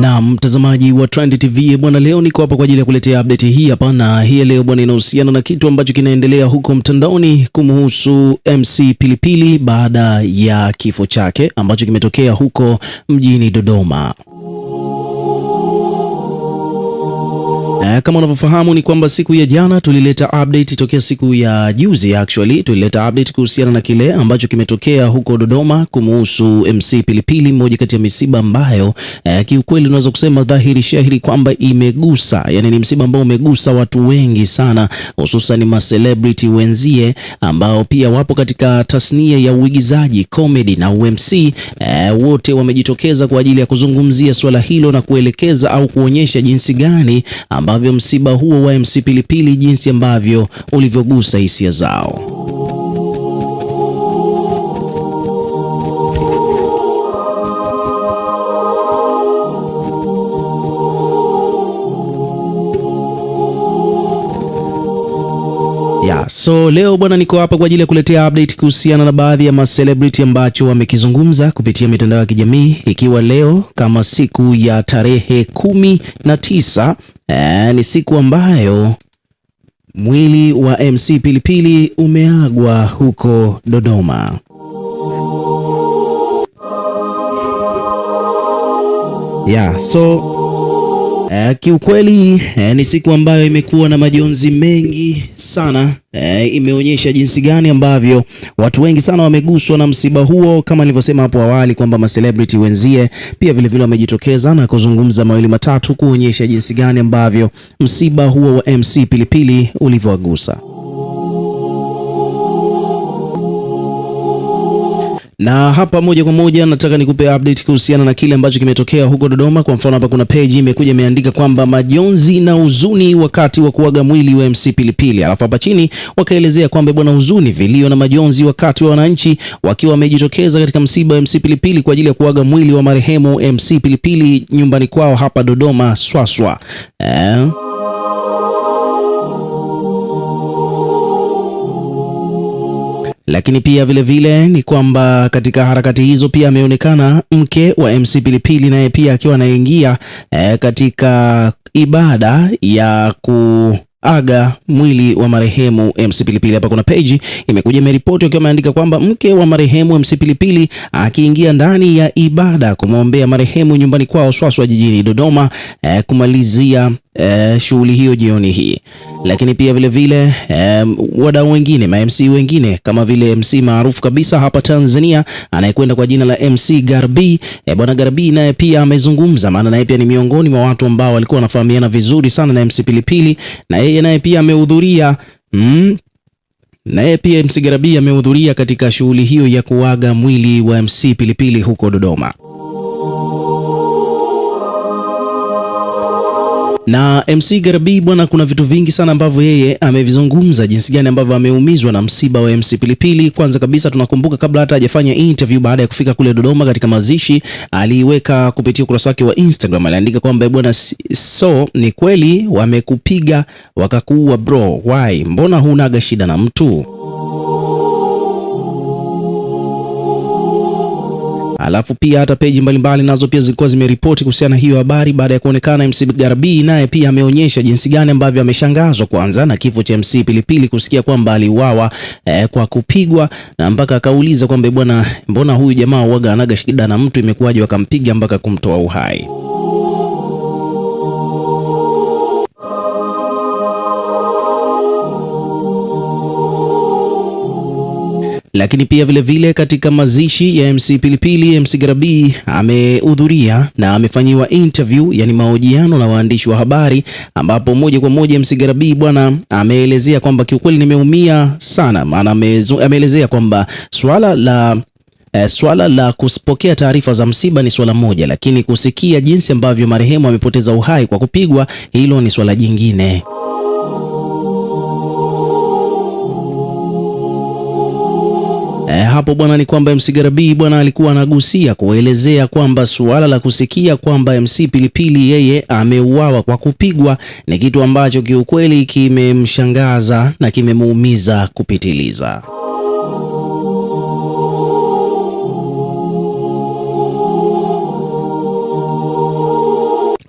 Na mtazamaji wa Trend TV bwana, leo niko hapa kwa ajili ya kuletea update hii hapa, na hii leo bwana inahusiana na kitu ambacho kinaendelea huko mtandaoni kumhusu MC Pilipili baada ya kifo chake ambacho kimetokea huko mjini Dodoma. E, kama unavyofahamu ni kwamba siku ya jana tulileta update tokea siku ya juzi actually, tulileta update kuhusiana na kile ambacho kimetokea huko Dodoma kumuhusu MC Pilipili, mmoja kati ya misiba ambayo e, kiukweli unaweza kusema dhahiri shahiri kwamba imegusa, yani ni msiba ambao umegusa watu wengi sana, hususan ma celebrity wenzie ambao pia wapo katika tasnia ya uigizaji comedy na UMC e, eh, wote wamejitokeza kwa ajili ya kuzungumzia swala hilo na kuelekeza au kuonyesha jinsi gani ambao ambavyo msiba huo wa MC Pilipili jinsi ambavyo ulivyogusa hisia zao. So leo bwana, niko hapa kwa ajili ya kuletea update kuhusiana na baadhi ya macelebrity ambacho wamekizungumza kupitia mitandao ya kijamii, ikiwa leo kama siku ya tarehe kumi na tisa ee, ni siku ambayo mwili wa MC Pilipili umeagwa huko Dodoma. Yeah, so Uh, kiukweli uh, ni siku ambayo imekuwa na majonzi mengi sana. Uh, imeonyesha jinsi gani ambavyo watu wengi sana wameguswa na msiba huo, kama nilivyosema hapo awali kwamba macelebrity wenzie pia vilevile wamejitokeza na kuzungumza mawili matatu kuonyesha jinsi gani ambavyo msiba huo wa MC Pilipili ulivyowagusa. Na hapa moja kwa moja nataka nikupe update kuhusiana na kile ambacho kimetokea huko Dodoma. Kwa mfano, hapa kuna page imekuja imeandika kwamba majonzi na huzuni wakati wa kuaga mwili wa MC Pilipili, alafu hapa chini wakaelezea kwamba bwana, huzuni, vilio na majonzi wakati wa wananchi wakiwa wamejitokeza katika msiba wa MC Pilipili kwa ajili ya kuaga mwili wa marehemu MC Pilipili nyumbani kwao hapa Dodoma Swaswa eh. Lakini pia vilevile vile, ni kwamba katika harakati hizo pia ameonekana mke wa MC Pilipili naye pia akiwa anaingia e, katika ibada ya ku aga mwili wa marehemu MC Pilipili. Hapa kuna page imekuja imeripoti wakiwa ameandika kwamba mke wa marehemu MC Pilipili akiingia ndani ya ibada kumwombea marehemu nyumbani kwao Swaswa jijini Dodoma eh, kumalizia eh, shughuli hiyo jioni hii, lakini pia vile vile eh, wadau wengine ma MC wengine kama vile MC maarufu kabisa hapa Tanzania anayekwenda kwa jina la MC Garbi. Eh, bwana Garbi naye pia amezungumza, maana naye pia ni miongoni mwa watu ambao walikuwa wanafahamiana vizuri sana na MC Pilipili, na yeye naye pia amehudhuria mm, naye pia MC Garbi amehudhuria katika shughuli hiyo ya kuaga mwili wa MC Pilipili huko Dodoma. Na MC Garabi bwana, kuna vitu vingi sana ambavyo yeye amevizungumza, jinsi gani ambavyo ameumizwa na msiba wa MC Pilipili. Kwanza kabisa tunakumbuka kabla hata hajafanya interview, baada ya kufika kule Dodoma katika mazishi, aliiweka kupitia ukurasa wake wa Instagram, aliandika kwamba bwana, so ni kweli wamekupiga wakakuua bro, why? Mbona hunaga shida na mtu Alafu pia hata peji mbalimbali nazo pia zilikuwa zimeripoti kuhusiana hiyo habari baada ya kuonekana MC Garbi naye pia ameonyesha jinsi gani ambavyo ameshangazwa kwanza na kifo cha MC Pilipili, kusikia kwamba aliuawa eh, kwa kupigwa na mpaka akauliza kwamba bwana, mbona huyu jamaa uaga anaga shida na mtu, imekuwaje wakampiga mpaka kumtoa uhai? lakini pia vilevile vile katika mazishi ya MC Pilipili, MC Grabi amehudhuria na amefanyiwa interview, yani mahojiano na waandishi wa habari, ambapo moja kwa moja MC Grabi bwana ameelezea kwamba kiukweli nimeumia sana, maana ameelezea kwamba swala la E, swala la kupokea taarifa za msiba ni swala moja, lakini kusikia jinsi ambavyo marehemu amepoteza uhai kwa kupigwa, hilo ni swala jingine. hapo bwana ni kwamba MC Garabi bwana alikuwa anagusia kuelezea kwamba suala la kusikia kwamba MC Pilipili yeye ameuawa kwa kupigwa ni kitu ambacho kiukweli kimemshangaza na kimemuumiza kupitiliza.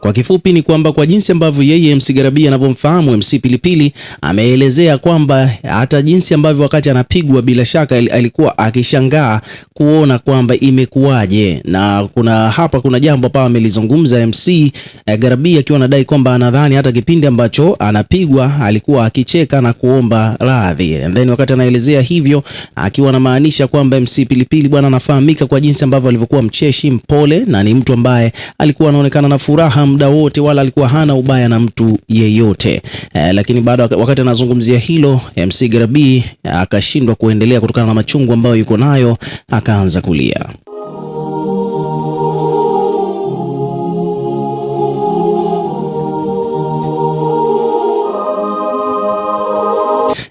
Kwa kifupi ni kwamba kwa jinsi ambavyo yeye MC Garabi anavyomfahamu MC Pilipili, ameelezea kwamba hata jinsi ambavyo wakati anapigwa, bila shaka alikuwa akishangaa kuona kwamba imekuwaje, na kuna hapa kuna jambo hapa amelizungumza MC eh, Garabi akiwa anadai kwamba anadhani hata kipindi ambacho anapigwa alikuwa akicheka na kuomba radhi, and then wakati anaelezea hivyo akiwa anamaanisha kwamba MC Pilipili bwana anafahamika kwa jinsi ambavyo alivyokuwa mcheshi, mpole na ni mtu ambaye alikuwa anaonekana na furaha muda wote, wala alikuwa hana ubaya na mtu yeyote eh, lakini baada wakati anazungumzia hilo MC Grabi eh, akashindwa kuendelea kutokana na machungu ambayo yuko nayo, akaanza kulia.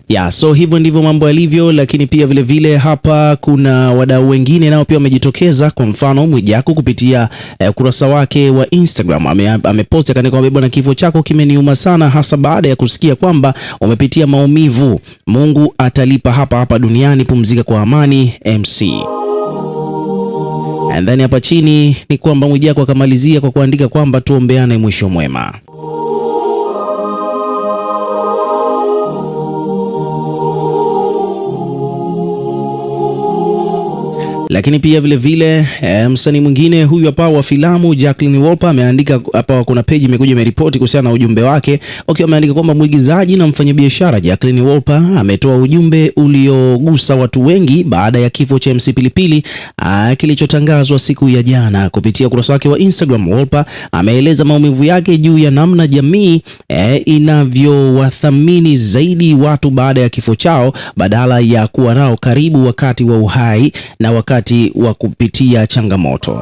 Yeah, so hivyo ndivyo mambo yalivyo, lakini pia vile vile hapa kuna wadau wengine nao pia wamejitokeza. Kwa mfano Mwijaku kupitia eh, ukurasa eh, wake wa Instagram ameposti ame akaandika, bwana, kifo chako kimeniuma sana, hasa baada ya kusikia kwamba umepitia maumivu. Mungu atalipa hapa hapa duniani, pumzika kwa amani MC. And then hapa chini ni kwamba Mwijaku akamalizia kwa kuandika kwamba tuombeane mwisho mwema. Lakini pia vilevile eh, msanii mwingine huyu hapa wa filamu Jacqueline Wolper ameandika hapa, kuna page imekuja imeripoti kuhusiana na ujumbe wake okay, ameandika kwamba mwigizaji na mfanyabiashara Jacqueline Wolper ametoa ujumbe uliogusa watu wengi baada ya kifo cha MC Pilipili ah, kilichotangazwa siku ya jana. Kupitia ukurasa wake wa Instagram, Wolper ameeleza maumivu yake juu ya namna jamii eh, inavyowathamini zaidi watu baada ya kifo chao badala ya kuwa nao karibu wakati wa uhai na wakati wakati wa kupitia changamoto.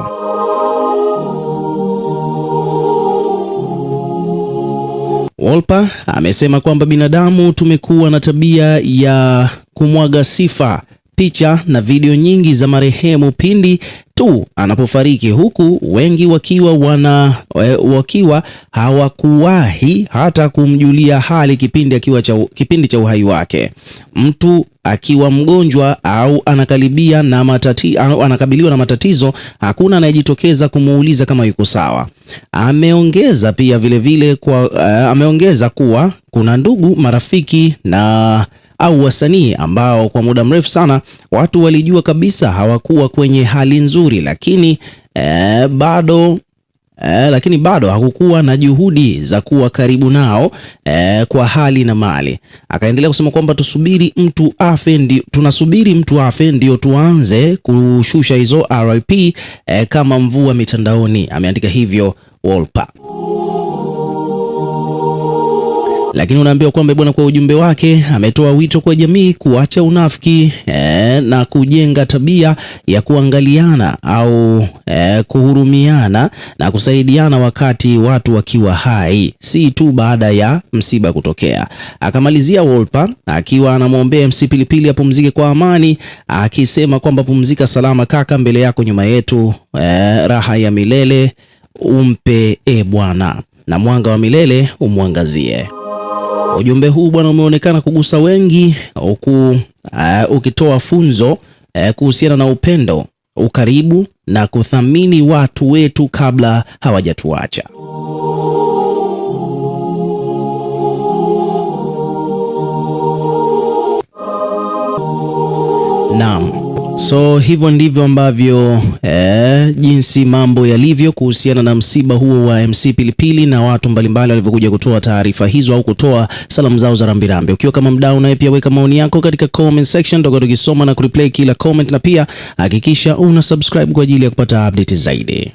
Wolper amesema kwamba binadamu tumekuwa na tabia ya kumwaga sifa picha na video nyingi za marehemu pindi tu anapofariki, huku wengi wakiwa wana e, wakiwa hawakuwahi hata kumjulia hali kipindi akiwa cha, kipindi cha uhai wake. Mtu akiwa mgonjwa au anakaribia na matati, au anakabiliwa na matatizo, hakuna anayejitokeza kumuuliza kama yuko sawa. Ameongeza pia vilevile vile kwa uh, ameongeza kuwa kuna ndugu, marafiki na au wasanii ambao kwa muda mrefu sana watu walijua kabisa hawakuwa kwenye hali nzuri, lakini eh, bado Eh, lakini bado hakukuwa na juhudi za kuwa karibu nao eh, kwa hali na mali. Akaendelea kusema kwamba tusubiri mtu afe ndio, tunasubiri mtu afe ndio tuanze kushusha hizo RIP eh, kama mvua mitandaoni. Ameandika hivyo Wolper lakini unaambiwa kwamba bwana, kwa ujumbe wake ametoa wito kwa jamii kuacha unafiki e, na kujenga tabia ya kuangaliana au e, kuhurumiana na kusaidiana wakati watu wakiwa hai, si tu baada ya msiba kutokea. Akamalizia Wolpa akiwa anamwombea MC Pilipili apumzike kwa amani, akisema kwamba pumzika salama kaka, mbele yako nyuma yetu, e, raha ya milele umpe e Bwana, na mwanga wa milele umwangazie. Ujumbe huu bwana umeonekana kugusa wengi huku uh, ukitoa funzo uh, kuhusiana na upendo, ukaribu na kuthamini watu wetu kabla hawajatuacha. Naam. So hivyo ndivyo ambavyo eh, jinsi mambo yalivyo kuhusiana na msiba huo wa MC Pilipili na watu mbalimbali walivyokuja kutoa taarifa hizo au kutoa salamu zao za rambirambi. Ukiwa kama mdau, naye pia weka maoni yako katika comment section, tutakuwa tukisoma na kureplay kila comment, na pia hakikisha una subscribe kwa ajili ya kupata update zaidi.